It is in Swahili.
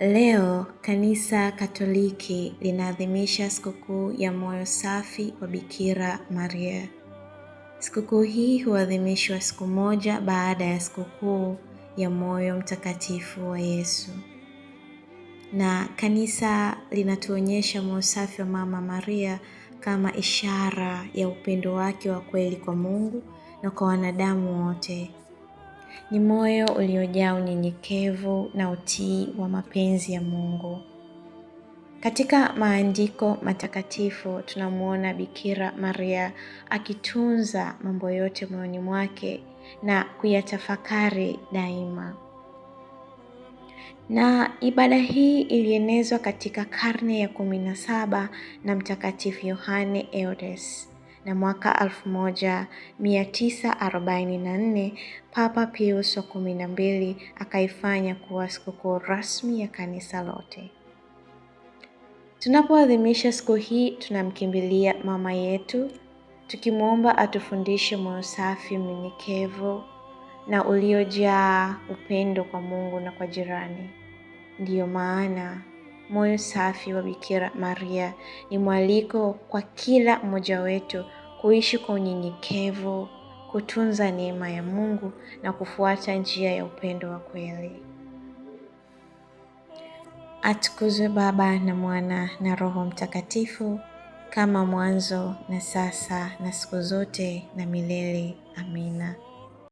Leo Kanisa Katoliki linaadhimisha sikukuu ya moyo safi wa Bikira Maria. Sikukuu hii huadhimishwa siku moja baada ya sikukuu ya moyo mtakatifu wa Yesu, na kanisa linatuonyesha moyo safi wa Mama Maria kama ishara ya upendo wake wa kweli kwa Mungu na kwa wanadamu wote ni moyo uliojaa unyenyekevu na utii wa mapenzi ya Mungu. Katika maandiko matakatifu tunamwona Bikira Maria akitunza mambo yote moyoni mwake na kuyatafakari daima. Na ibada hii ilienezwa katika karne ya kumi na saba na Mtakatifu Yohane Eudes na mwaka 1944 Papa Pius wa kumi na mbili akaifanya kuwa sikukuu rasmi ya kanisa lote. Tunapoadhimisha siku hii, tunamkimbilia mama yetu tukimwomba atufundishe moyo safi, mnyenyekevu na uliojaa upendo kwa Mungu na kwa jirani. Ndiyo maana moyo safi wa Bikira Maria ni mwaliko kwa kila mmoja wetu kuishi kwa unyenyekevu, kutunza neema ya Mungu na kufuata njia ya upendo wa kweli. Atukuzwe Baba na Mwana na Roho Mtakatifu, kama mwanzo na sasa na siku zote na milele. Amina.